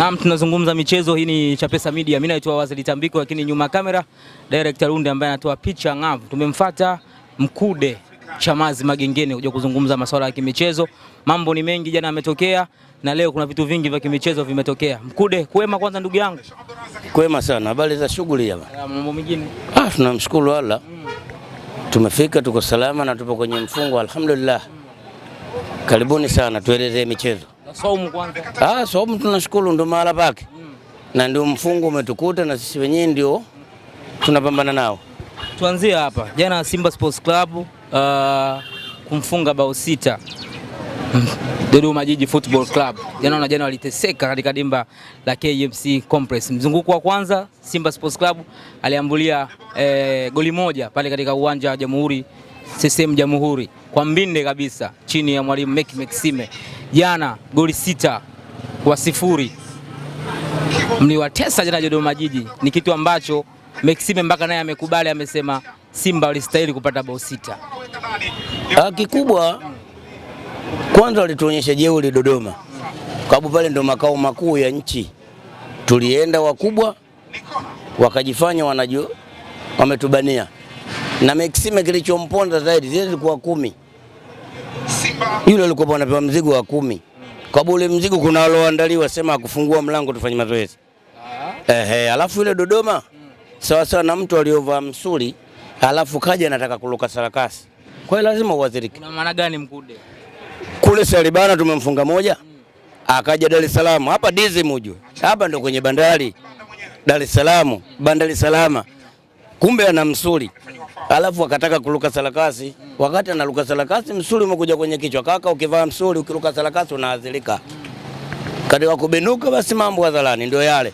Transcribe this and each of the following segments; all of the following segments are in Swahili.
Naam, tunazungumza michezo. Hii ni Chapesa Media. Mimi naitwa Wazili Tambiko, lakini nyuma kamera director Runde ambaye anatoa picha ngavu. Tumemfuata Mkude Chamazi Magengeni kuja kuzungumza masuala ya kimichezo. Mambo ni mengi, jana ametokea na leo kuna vitu vingi vya kimichezo vimetokea. Mkude, kwema kwanza ndugu yangu. Kwema sana. Habari za shughuli hapa? Ah, mambo mengine. Ah, tunamshukuru Allah. Mm. Tumefika tuko salama na tupo kwenye mfungo alhamdulillah. Mm. Karibuni sana tuelezee michezo. Saumu kwanza. Ah, saumu tunashukuru ndo mahala pake mm. na ndio mfungo umetukuta na sisi wenyewe ndio tunapambana nao. Tuanzie hapa jana Simba Sports Club uh, kumfunga bao sita Dodoma Jiji Football Club jana na jana waliteseka katika dimba la KMC Complex. Mzunguko wa kwanza Simba Sports Club aliambulia eh, goli moja pale katika uwanja wa Jamhuri CCM Jamhuri kwa mbinde kabisa chini ya mwalimu Meki Meksime. Jana goli sita kwa sifuri mliwatesa jana Dodoma Jiji, ni kitu ambacho meksime mpaka naye amekubali, amesema Simba walistahili kupata bao sita. Ah, kikubwa kwanza walituonyesha jeuri Dodoma, sababu pale ndo makao makuu ya nchi. Tulienda wakubwa wakajifanya wanajua wametubania na Maxime kilichomponda zaidi zile zilikuwa kumi, yule alikuwa anapewa mzigo wa kumi. Kwa bure mzigo kuna walioandaliwa sema akufungua mlango tufanye mazoezi. Ehe, alafu yule Dodoma sawa sawa na mtu aliyovaa msuri alafu kaja anataka kuluka sarakasi. Kwa hiyo lazima uadhirike. Una maana gani mkude? Kule Salibana tumemfunga moja. Akaja Dar es Salaam, hapa dizi mujue. Hapa ndo kwenye bandari. Dar es Salaam, bandari salama kumbe ana msuli, alafu akataka kuruka sarakasi. Wakati anaruka sarakasi, msuli umekuja kwenye kichwa. Kaka, ukivaa msuli ukiruka sarakasi unaadhirika. Katika kubinuka, basi mambo hadharani ndio yale.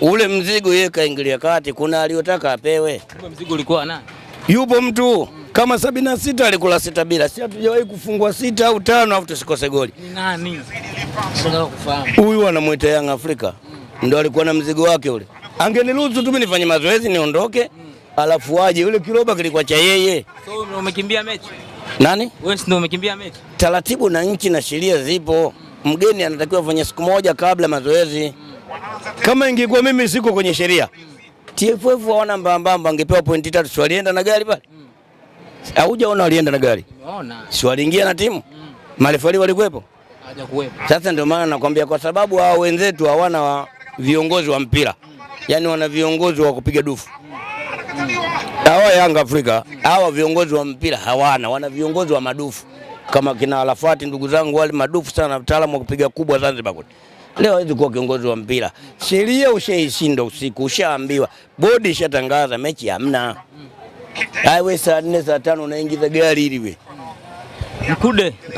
Ule mzigo yeye kaingilia kati, kuna aliyotaka apewe. Ule mzigo ulikuwa nani? Yupo mtu kama sabini na sita alikula sita bila, si hatujawahi kufungwa sita au tano au tusikose goli. Ni nani? Huyu anamwita Young Africa, ndio alikuwa na mzigo wake ule. Angeniruhusu tu mimi nifanye mazoezi niondoke. mm alafu waje yule kiroba kilikuwa cha yeye. So umekimbia mechi nani? Wewe ndio umekimbia mechi. Taratibu na nchi na sheria zipo, mgeni anatakiwa afanye siku moja kabla mazoezi. Kama ingekuwa mimi siko kwenye sheria, TFF waona mbambamba, angepewa pointi tatu, si walienda na gari pale? Hmm. Haujaona walienda na gari? Si waliingia na timu? Hmm. Marefari walikuwepo? Hawajakuwepo. Sasa ndio maana nakwambia, kwa sababu hao wenzetu hawana viongozi wa mpira, hmm. yaani wana viongozi wa kupiga dufu hawa Yanga Afrika hawa viongozi wa mpira hawana, wana viongozi wa madufu kama kina Arafati, ndugu zangu, wale madufu sana, mtaalamu wa kupiga kubwa Zanzibar kote. Leo hawezi kuwa kiongozi wa mpira. Sheria ushaishinda usiku, ushaambiwa, bodi ishatangaza mechi hamna. Aiwe saa nne saa tano unaingiza gari ili we Mkude. Uh,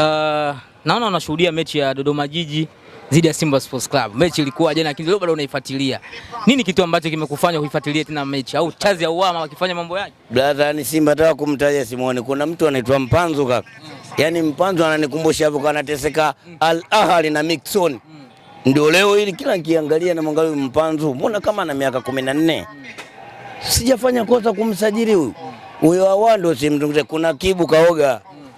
naona unashuhudia mechi ya Dodoma Jiji dhidi ya Simba Sports Club. Mechi ilikuwa jana, lakini leo bado unaifuatilia. Nini kitu ambacho kimekufanya kuifuatilia tena mechi au chazi ya uama wakifanya mambo yake? Brother, ni Simba nataka kumtaja Simone. Kuna mtu anaitwa Mpanzo kaka. Mm. Yaani Mpanzo ananikumbusha hapo kwa anateseka mm. Al Ahly na Mixon. Mm. Ndio leo hili kila nikiangalia na mwangalio Mpanzo, mbona kama ana miaka 14? Mm. Sijafanya kosa kumsajili huyu. Hmm. Huyo mm. awando simzungumze kuna Kibu kaoga. Mm.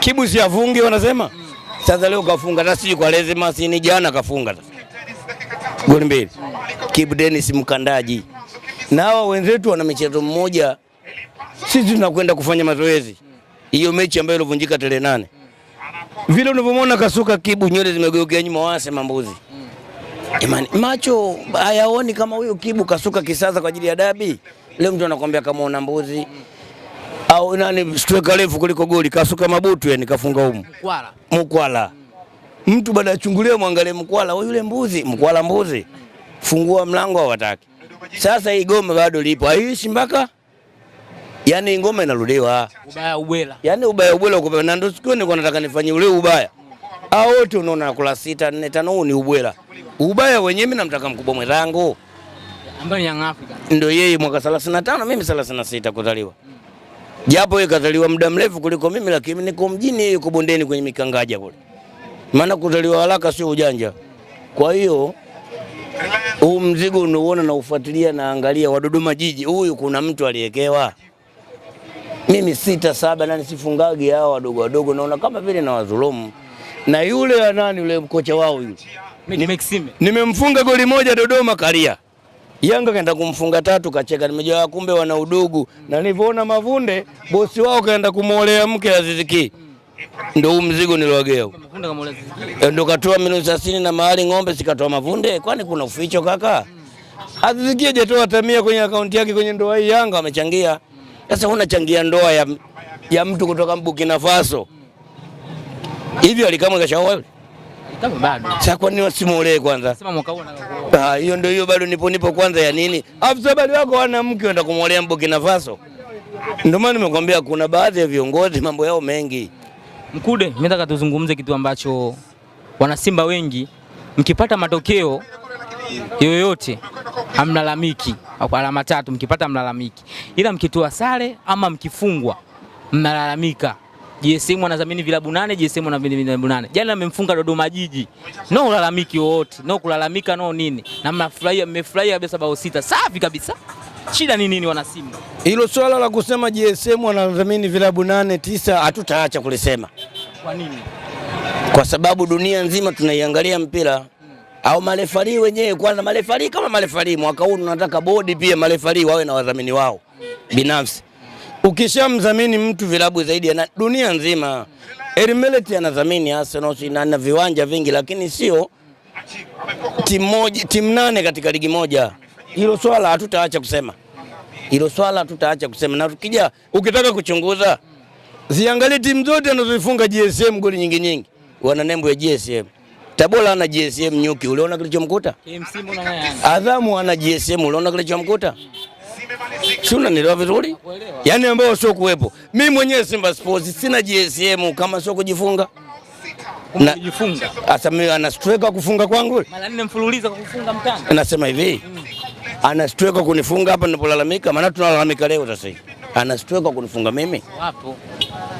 Kibu si avungi wanasema? Mm. Sasa leo kafunga na sijui kwa lazima sini jana kafunga goli mbili. Kibu Dennis mkandaji. Na hawa wenzetu wana michezo mmoja, sisi tunakwenda kufanya mazoezi. Hiyo mechi ambayo ilovunjika tarehe nane. Vile unavyomwona kasuka Kibu nywele zimegeukia nyuma wase mambuzi. Jamani, macho hayaoni kama huyo Kibu kasuka kisasa kwa ajili ya dabi. Leo mtu anakwambia kama una mbuzi au nani steka refu kuliko goli kasuka mabutu, yani kafunga huko mkwala mkwala. Mtu baada ya chungulia mwangalie mkwala au yule mbuzi mkwala mbuzi, fungua mlango hawataki. Sasa hii gome bado lipo haishi mpaka yani ngome inarudiwa, ubaya ubwela, yani ubaya ubwela uko na ndo sikioni kwa nataka nifanye ule ubaya au wote, unaona kula sita nne tano, huu ni ubwela ubaya wenyewe. Mimi namtaka mkubwa mwenzangu ambaye ni Afrika, ndio yeye mwaka 35 mimi 36 kuzaliwa japo yeye kazaliwa muda mrefu kuliko mimi, lakini niko mjini, yeye yuko bondeni kwenye mikangaja kule. Maana kuzaliwa haraka sio ujanja. Kwa hiyo huu mzigo unaoona na ufuatilia na angalia wa Dodoma jiji, huyu kuna mtu aliyekewa mimi sita saba nani, sifungagi hao wadogo wadogo, naona kama vile na wadhulumu. Na yule nani, yule mkocha wao yule nimemfunga goli moja Dodoma, Karia Yanga kaenda kumfunga tatu, kacheka, nimejua kumbe wana udugu. Na nilivyoona Mavunde bosi wao kaenda kumwolea mke Aziziki, ndio huu mzigo niliwagea, eh, ndio katoa milioni thelathini na mahali ng'ombe sikatoa Mavunde, kwani kuna uficho kaka? Aziziki hajatoa hata mia kwenye akaunti yake kwenye ndoa hii, Yanga amechangia. Sasa unachangia ndoa ya, ya mtu kutoka Burkina Faso hivi alikamwe kashaoa kama bado. Sasa kwa nini wasimuolee kwanza? Sema mwaka huu anataka kuoa. Ah, hiyo ndio hiyo bado nipo nipo kwanza ya nini? Afisa sababu wako wana mke wenda kumuolea Burkina Faso. Ndio maana nimekwambia kuna baadhi ya viongozi mambo yao mengi. Mkude, mimi nataka tuzungumze kitu ambacho wanasimba wengi mkipata matokeo yoyote amlalamiki au alama tatu mkipata mlalamiki, ila mkitoa sare ama mkifungwa mnalalamika. JSM anadhamini vilabu nane, JSM anadhamini vilabu nane. Jana amemfunga Dodoma Jiji. No ulalamiki wote, no kulalamika, no nini. Na mnafurahia, mmefurahia kabisa bao sita. Safi kabisa. Shida ni nini wana Simba? Hilo swala la kusema JSM anadhamini vilabu nane tisa hatutaacha kulisema. Kwa nini? Kwa sababu dunia nzima tunaiangalia mpira au marefari wenyewe. Kwanza marefari kama marefari, mwaka huu tunataka bodi pia marefari wawe na wadhamini wao binafsi ukishamdhamini mtu vilabu zaidi na dunia nzima Elimeleti anadhamini Arsenal na viwanja vingi, lakini sio timu moja, timu nane katika ligi moja. Hilo swala hatutaacha kusema, hilo swala hatutaacha kusema. Na tukija ukitaka kuchunguza, ziangalie timu zote anazoifunga GSM goli nyingi nyingi, wana nembo ya GSM. Tabora ana GSM nyuki, uliona kilichomkuta? Adhamu ana GSM, uliona kilichomkuta? Shuna nielewa vizuri, yaani ambao sio kuwepo. mi mwenyewe Simba Sports sina GSM kama sio kujifunga ana striker kufunga kwangu mara nne mfululizo kufunga mtanga. Anasema hivi mm. ana striker kunifunga hapa ninapolalamika, maana tunalalamika leo sasa hivi, ana striker kunifunga mimi wapo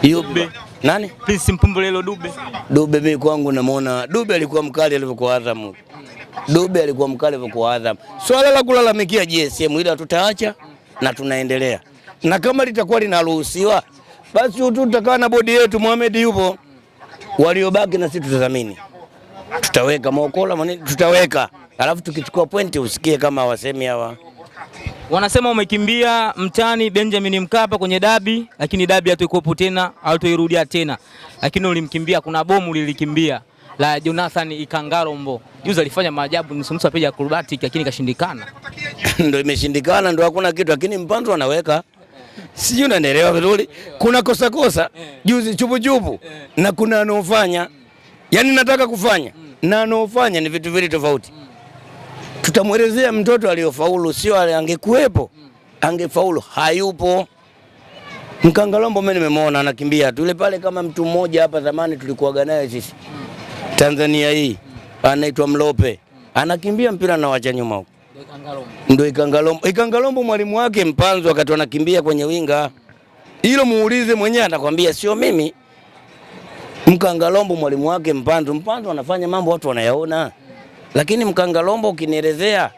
Dube. Nani? Prince lelo Dube. Dube mimi kwangu namuona Dube alikuwa mkali alivyokuwa Azam. Mm. Dube alikuwa mkali kwa adhabu. Swala la kulalamikia JSM ila tutaacha na tunaendelea, na kama litakuwa linaruhusiwa basi tutakaa na bodi yetu. Mohamed yupo, waliobaki na sisi tutadhamini, tutaweka mokola, tutaweka alafu tukichukua pointi usikie kama wasemi hawa wanasema umekimbia mtani Benjamin Mkapa kwenye dabi, lakini dabi hatuikuwepo tena, hatuirudia tena, lakini ulimkimbia. Kuna bomu lilikimbia la Jonathan Ikangarombo. Juzi alifanya maajabu nisimsa peja acrobatic lakini kashindikana. Ndio imeshindikana ndio hakuna kitu lakini mpanzo anaweka. Sijui unanielewa vizuri. Kuna kosa kosa, juzi chupu chupu na kuna anofanya. Yaani nataka kufanya na anofanya ni vitu viwili tofauti. Tutamwelezea mtoto aliyofaulu, sio ale angekuwepo angefaulu, hayupo. Mkangalombo mimi nimemwona anakimbia tu ile pale kama mtu mmoja hapa zamani tulikuwaga naye sisi. Tanzania hii anaitwa Mlope, anakimbia mpira na wacha nyuma huko, ndio Ikangalombo. Ikangalombo mwalimu wake Mpanzo wakati anakimbia kwenye winga, hilo muulize mwenyewe, atakwambia sio mimi. Mkangalombo mwalimu wake Mpanzo, Mpanzo anafanya mambo watu wanayaona, lakini Mkangalombo ukinielezea,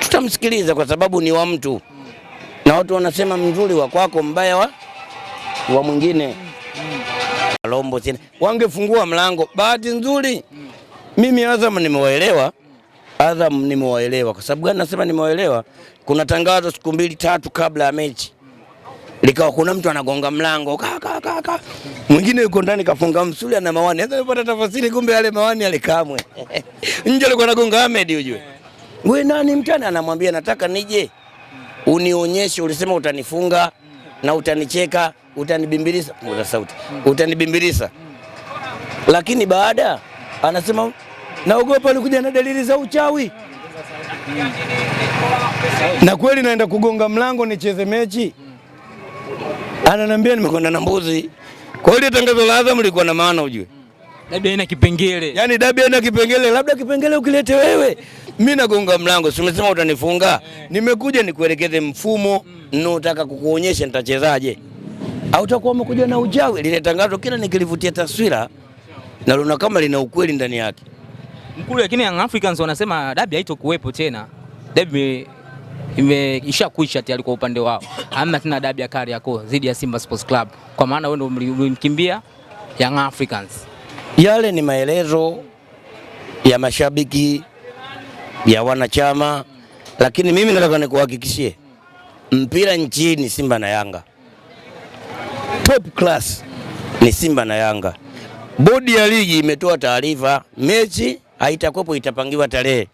tutamsikiliza kwa sababu ni wa mtu, na watu wanasema mzuri wa kwako, mbaya wa, wa mwingine. Kalombo sina, wangefungua mlango. Bahati nzuri mimi Azam nimewaelewa, Azam nimewaelewa. Kwa sababu gani nasema nimewaelewa? Kuna tangazo siku mbili tatu kabla ya mechi likawa kuna mtu anagonga mlango Ka ka ka ka. mwingine yuko ndani kafunga msuli ana mawani. Sasa nipata tafasiri, kumbe yale mawani yale kamwe. nje, alikuwa anagonga Ahmed. Ujue wewe nani mtani? Anamwambia nataka nije unionyeshe, ulisema utanifunga na utanicheka, utanibimbilisa, sauti utanibimbilisa, lakini baada anasema naogopa, alikuja na dalili za uchawi na kweli naenda kugonga mlango nicheze mechi, ananiambia nimekwenda na mbuzi. Kwa hiyo tangazo la Azam lilikuwa na maana, ujue labda ina kipengele, yani dabi ina kipengele, labda kipengele ukilete wewe mimi nagonga mlango, si umesema utanifunga? Eh. Nimekuja nikuelekeze mfumo hmm. ninaotaka kukuonyesha nitachezaje. Au utakuwa umekuja na ujawe. Lile tangazo kila nikilivutia taswira na lina kama lina ukweli ndani yake. Mkuu, lakini Young Africans wanasema dabi haitokuwepo tena. Dabi kuisha tayari kwa upande wao. Hamna tena dabi ya Kariakoo dhidi ya Simba Sports Club. Kwa maana wewe ndio mlimkimbia Young Africans. Yale ni maelezo ya mashabiki ya wanachama, lakini mimi nataka nikuhakikishie mpira nchini Simba na Yanga top class ni Simba na Yanga. Bodi ya ligi imetoa taarifa, mechi haitakuwepo, itapangiwa tarehe.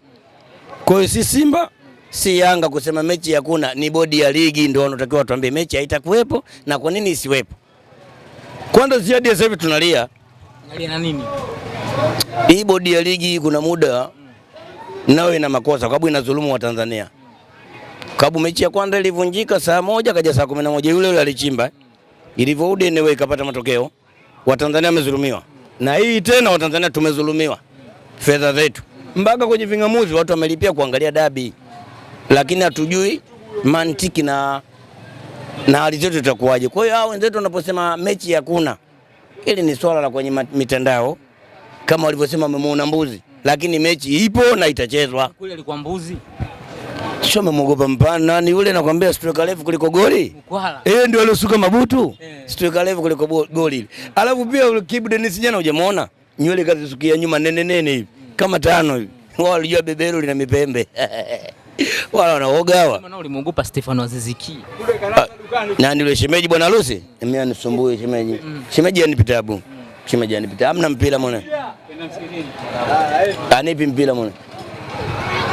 Kwa hiyo si Simba si Yanga kusema mechi hakuna, ni bodi ya ligi ndio wanatakiwa watuambie mechi haitakuwepo na kwa nini isiwepo. Kwanza ziadi sasa hivi tunalia. tunalia na nini? Hii bodi ya ligi kuna muda nayo ina makosa kwa sababu inadhulumu wa Watanzania. Kabu mechi ya kwanza ilivunjika saa moja kaja saa kumi na moja yule yule alichimba. Eh. Ilivyorudi eneo ikapata matokeo. Watanzania wamezulumiwa. Na hii tena Watanzania tumezulumiwa. Fedha zetu. Mpaka kwenye vingamuzi watu wamelipia kuangalia dabi. Lakini hatujui mantiki na na hali zetu tutakuwaje. Kwa hiyo hao wenzetu wanaposema mechi hakuna. Ili ni swala la kwenye mitandao kama walivyosema wamemuona mbuzi lakini mechi ipo na itachezwa. Kule alikuwa mbuzi. Sio mmogopa mpana nani yule nakwambia striker refu kuliko goli? Mkwala. Eh, ndio aliosuka mabutu. Eh. Striker refu kuliko goli ile. Mm. Alafu pia Kibu Dennis jana hujamuona? Nywele kazi sukia nyuma nene nene hivi. Mm. Kama tano hivi. Mm. Wao walijua beberu lina mipembe. Wala wanaoga hawa. Maana ulimuogopa Stefano Aziziki. Ah, na yule shemeji bwana harusi? Mimi anisumbui shemeji. Mm. Shemeji anipita abu. Mm. Shemeji anipita. Hamna mpira mwana. Anipi mpira mwana.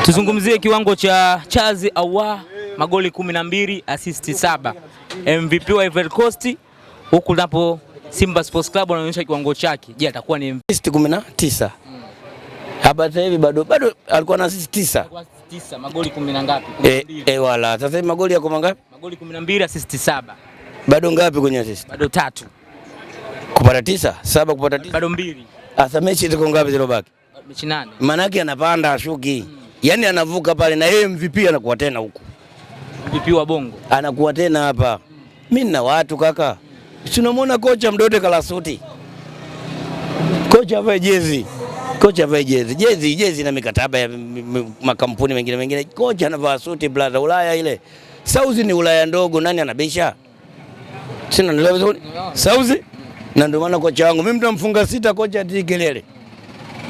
Tuzungumzie kiwango cha Chazi Awa, magoli 12, assist saba, MVP wa Ivory Coast, huku napo Simba Sports Club anaonyesha kiwango chake. Je, atakuwa ni assist 19? Hapa sasa hivi bado bado alikuwa na assist 9. Tisa, magoli kumi na ngapi? Eh, e, wala. Sasa hivi magoli yako mangapi? Magoli 12, assist 7. Bado ngapi kwenye assist? Bado tatu. Kupata tisa, saba kupata tisa. Bado mbili. Asa mechi ziko ngapi zilobaki? Mechi nane. Maana yake anapanda ashuki. Mm. Yaani anavuka pale na yeye MVP anakuwa tena huko. MVP wa Bongo. Anakuwa tena hapa. Mm. Mimi na watu kaka. Si unamwona kocha Mdote kala suti. Kocha avae jezi. Kocha avae jezi. Jezi jezi na mikataba ya makampuni mengine mengine. Kocha anavaa suti blaza Ulaya ile. Sauzi ni Ulaya ndogo, nani anabisha? Sina nilewa vizuri. Sauzi na ndio maana kocha wangu mimi, mtamfunga sita, kocha atii kelele,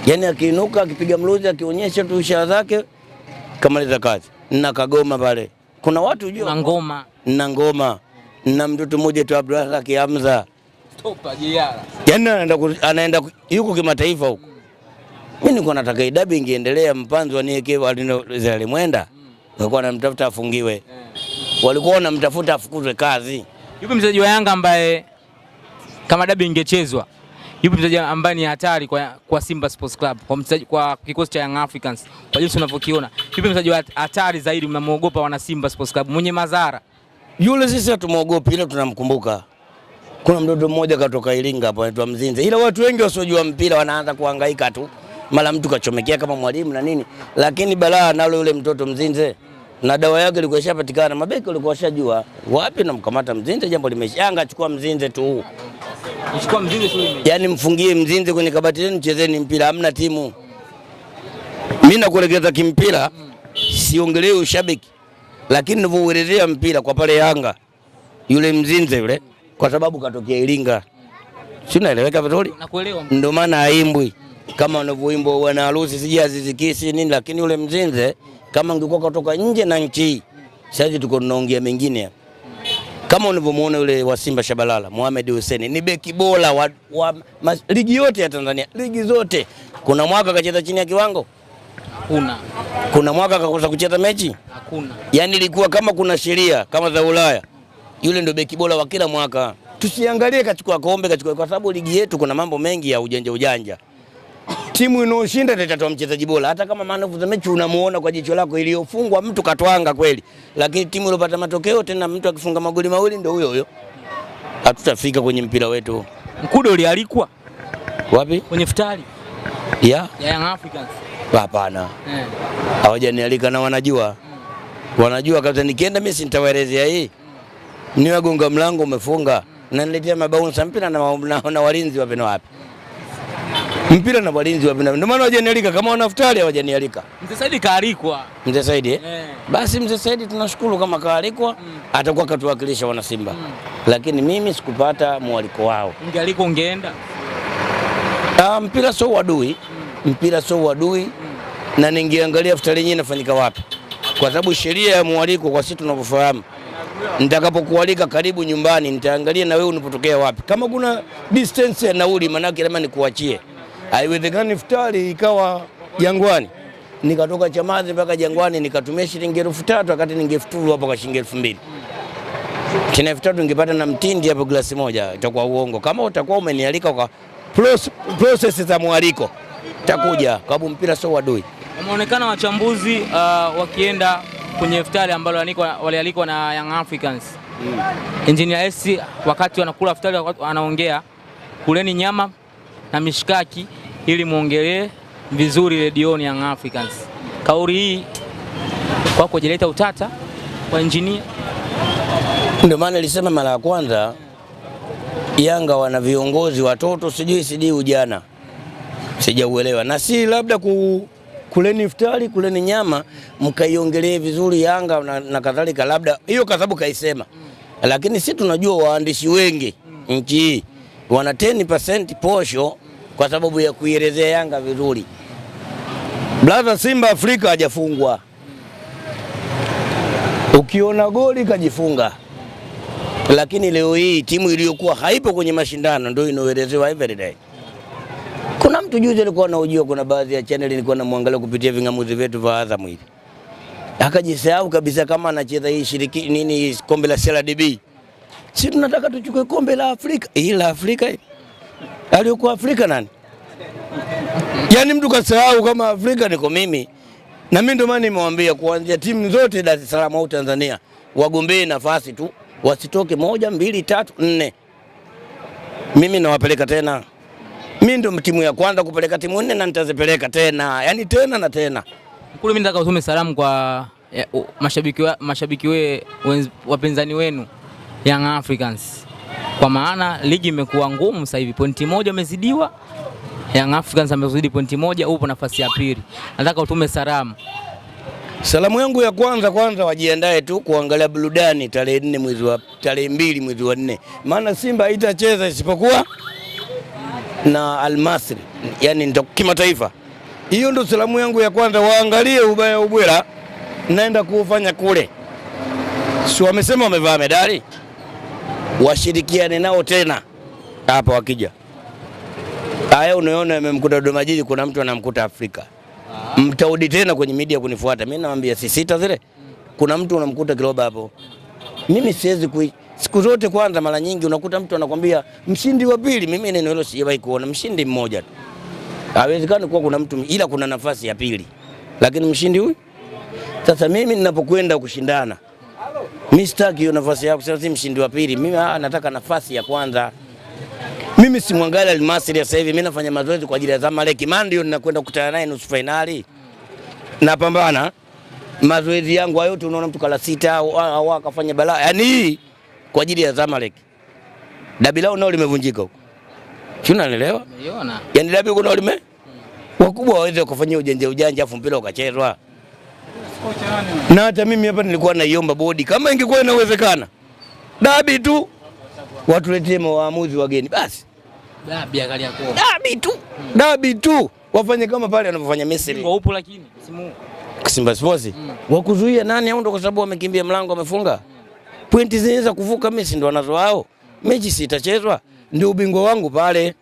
yaani akiinuka, akipiga mluzi, akionyesha tu ishara zake, kamaliza kazi na kagoma pale. Kuna watu unajua, na ngoma na ngoma na mtoto mmoja tu Abdullah Kiamza stopa jiara, yaani anaenda anaenda yuko kimataifa huko. Mimi niko nataka idabi ingeendelea, mpanzo anieke walizali mwenda hmm. walikuwa wanamtafuta afungiwe, eh. walikuwa wanamtafuta afukuzwe kazi. Yupi mchezaji wa Yanga ambaye kama dabi ingechezwa, yupi mchezaji ambaye ni hatari kwa, kwa Simba Sports Club kwa, mchezaji, kwa kikosi cha Young Africans kwa jinsi unavyokiona, yupi mchezaji hatari zaidi mnamuogopa wana Simba Sports Club mwenye madhara? Yule sisi hatumwogopi, ila tunamkumbuka. Kuna mdodo mmoja katoka Iringa hapo anaitwa Mzinze, ila watu wengi wasiojua mpira wanaanza kuhangaika tu, mara mtu kachomekea kama mwalimu na nini, lakini balaa nalo yule mtoto Mzinze na dawa yake ilikuwa ishapatikana, mabeki walikuwa washajua wapi na mkamata Mzinze, jambo limeisha. Yanga chukua Mzinze tu, chukua Mzinze tu, yani mfungie Mzinze kwenye kabati lenu, chezeni mpira, hamna timu. Mimi nakuelekeza kimpira, siongelee ushabiki, lakini ninavyoelezea mpira kwa pale Yanga, yule Mzinze yule, kwa sababu katokea Iringa, si naeleweka vizuri? Nakuelewa. Ndio maana aimbwi kama wanavyoimbwa wana harusi, sijui Azizikisi nini, lakini yule Mzinze kama ungekuwa kutoka nje na nchi hii, sasa tuko tunaongea mengine. Kama unavyomuona yule wa Simba Shabalala, Mohamed Hussein ni beki bora wa, wa mas, ligi yote ya Tanzania, ligi zote. Kuna mwaka akacheza chini ya kiwango? Hakuna. Kuna mwaka akakosa kucheza mechi? Hakuna. Yaani ilikuwa kama kuna sheria kama za Ulaya. Yule ndio beki bora wa kila mwaka. Tusiangalie kachukua kombe kachukua, kwa sababu ligi yetu kuna mambo mengi ya ujanja ujanja timu inaoshinda ndio itatoa mchezaji bora. Hata kama man of the match unamuona kwa jicho lako, iliyofungwa mtu katwanga kweli, lakini timu iliyopata matokeo tena, mtu akifunga magoli mawili ndio huyo huyo. Hatutafika kwenye mpira wetu. Mkudo ulialikwa wapi? Kwenye futari ya Young Africans? Hapana, eh. hawajanialika na wanajua, mm. wanajua kabisa. Nikienda mimi si nitawaelezea hii, niwagonga mlango umefunga, na niletea mabaunsa mpira na walinzi wapi na wapi mpira na walinzi wa binafsi. Ndio maana hawajanialika kama wanaftari hawajanialika. Mzee Saidi kaalikwa. Mzee Saidi eh? Yeah. Basi Mzee Saidi tunashukuru kama kaalikwa mm. Atakuwa katuwakilisha wana Simba mm. Lakini mimi sikupata mwaliko wao. Ungealikwa ungeenda? Ah, mpira sio wadui Mm. Mpira sio wadui mm. Na ningeangalia iftari yenyewe inafanyika wapi. Kwa sababu sheria ya mwaliko kwa sisi tunavyofahamu nitakapokualika karibu nyumbani, nitaangalia na wewe unapotokea wapi, kama kuna distance ya nauli, maanake lazima nikuachie Haiwezekani iftari ikawa Jangwani, nikatoka Chamazi mpaka Jangwani nikatumia shilingi elfu tatu wakati ningefuturu hapo kwa shilingi elfu mbili chini elfu tatu ningepata na mtindi hapo glasi moja. Itakuwa uongo kama utakuwa umenialika kwa process za mwaliko takuja kabu mpira sio wadui. Umeonekana wachambuzi uh, wakienda kwenye iftari ambalo walialikwa na Young Africans mm. Engineer S wakati wanakula iftari anaongea kuleni nyama na mishikaki ili muongelee vizuri redioni Young Africans. Kauli hii kwa kujileta utata kwa injinia, ndio maana nilisema mara ya kwanza Yanga wana viongozi watoto, sijui sijui ujana, sijauelewa na si labda ku kuleni iftari kuleni nyama mkaiongelee vizuri Yanga na, na kadhalika, labda hiyo sababu kaisema, lakini si tunajua waandishi wengi nchi hii wana 10% posho kwa sababu ya kuielezea Yanga vizuri. Brother Simba Afrika hajafungwa, ukiona goli kajifunga, lakini leo hii timu iliyokuwa haipo kwenye mashindano ndio inaoelezewa every day. Kuna mtu juzi alikuwa anaojua, kuna baadhi ya channel nilikuwa namwangalia kupitia vingamuzi vyetu vya Azam hivi, akajisahau kabisa kama anacheza hii shiriki nini, kombe la CRDB. Si tunataka tuchukue kombe la Afrika, hii la Afrika hii. Aliyokuwa Afrika nani? Yaani mtu kasahau kama Afrika niko mimi, na mimi ndio maana nimewambia kuanzia timu zote Dar es Salaam au Tanzania wagombee nafasi tu, wasitoke moja, mbili, tatu, nne. Mimi nawapeleka tena, mimi ndio timu ya kwanza kupeleka timu nne na nitazipeleka tena, yaani tena na tena. Mkulu, mimi nataka utume salamu kwa ya, eh, mashabiki, wa, mashabiki we, wapinzani wenu Young Africans kwa maana ligi imekuwa ngumu sasa hivi, pointi moja umezidiwa. Young Africans amezidi pointi moja, upo nafasi ya pili. Nataka utume salamu. Salamu yangu ya kwanza kwanza, wajiandae tu kuangalia burudani tarehe nne mwezi wa tarehe mbili mwezi wa nne, maana Simba haitacheza isipokuwa na Almasri, yani ndo kimataifa. Hiyo ndo salamu yangu ya kwanza, waangalie ubaya ubwela naenda kuufanya kule, si wamesema wamevaa medali washirikiane nao tena hapa wakija. Haya unaona amemkuta Dodoma Jiji, kuna mtu anamkuta Afrika. Mtaudi tena kwenye media kunifuata. Mimi nawaambia si sita zile. Kuna mtu unamkuta Kiloba hapo. Mimi siwezi kui siku zote kwanza, mara nyingi unakuta mtu anakwambia mshindi wa pili. Mimi neno hilo sijawahi kuona mshindi mmoja tu. Hawezekani kuwa kuna mtu ila kuna nafasi ya pili. Lakini mshindi huyu sasa, mimi ninapokwenda kushindana mimi sitaki hiyo nafasi ya kusema mshindi wa pili. Mimi ah, nataka nafasi ya kwanza. Mimi si mwangali Almasri sasa hivi, mimi nafanya mazoezi kwa ajili ya Zamalek. Maana ndio ninakwenda kukutana naye nusu finali. Napambana mazoezi yangu hayo yote, unaona mtu kala sita au akafanya balaa. Yaani kwa ajili ya Zamalek. Dabi lao nao limevunjika huko. Si unanielewa? Yaani dabi kuna lime wakubwa waweze kufanyia ujanja ujanja afu mpira ukachezwa na hata mimi hapa nilikuwa naiomba bodi kama ingekuwa inawezekana dabi tu watuletee mawaamuzi wageni basi dabi, dabi tu hmm. dabi tu wafanye kama pale wanavyofanya Misri. Kwa upo lakini simu Simba Sports hmm. wakuzuia nani au ndo kwa sababu wamekimbia mlango wamefunga hmm. pointi zinaweza kuvuka Messi ndo wanazo wao hmm. mechi si itachezwa hmm. ndio ubingwa wangu pale,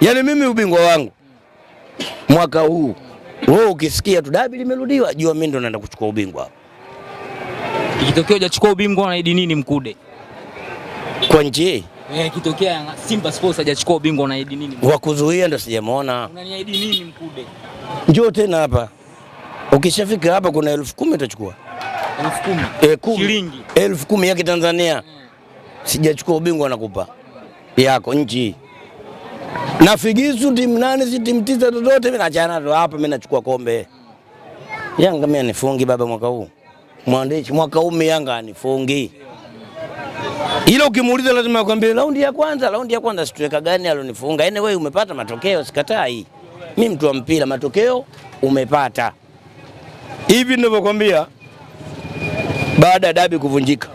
yaani mimi ubingwa wangu hmm. mwaka huu hmm. Wewe ukisikia tu dabi limerudiwa, jua mimi ndo naenda kuchukua ubingwa hapa. Ikitokea hujachukua ubingwa unaidi nini Mkude? Kwa nje? Eh, ikitokea Simba Sports hajachukua ubingwa unaidi nini? Wa kuzuia ndo sijamwona. Unaniaidi nini Mkude? Njoo tena hapa. Ukishafika hapa kuna elfu kumi utachukua. Elfu kumi. E, kumi. Shilingi. Elfu kumi ya Kitanzania. Hmm. Eh. Sijachukua ubingwa nakupa. Yako nchi na figisu timu nane si timu tisa totote, mimi naachana tu hapa, mimi nachukua kombe. Yanga mimi anifungi baba mwaka huu, mwandishi, mwaka huu mimi Yanga anifungi. Ila ukimuuliza lazima akwambie raundi ya kwanza, raundi ya kwanza situweka gani alonifunga. Yaani wewe umepata matokeo, sikatai. Mimi mtu wa mpira, matokeo umepata. Hivi ninavyokuambia, baada ya dabi kuvunjika,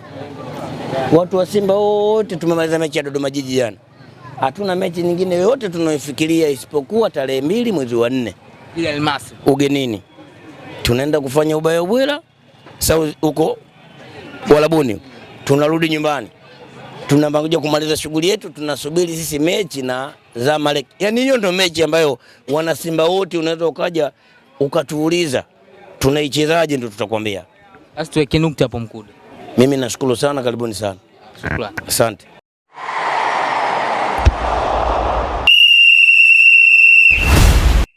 watu wa Simba wote tumemaliza mechi ya Dodoma Jiji jana hatuna mechi nyingine yoyote tunaoifikiria isipokuwa tarehe mbili mwezi wa nne ile Almasi ugenini tunaenda kufanya ubaya ubwela sau huko Walabuni, tunarudi nyumbani, tunakuja kumaliza shughuli yetu, tunasubiri sisi mechi na Zamalek. Yani hiyo ndio mechi ambayo wanasimba wote unaweza ukaja ukatuuliza tunaichezaje, ndio tutakwambia. Basi tuweke nukta hapo Mkude. Mimi nashukuru sana, karibuni sana. Shukrani. Asante.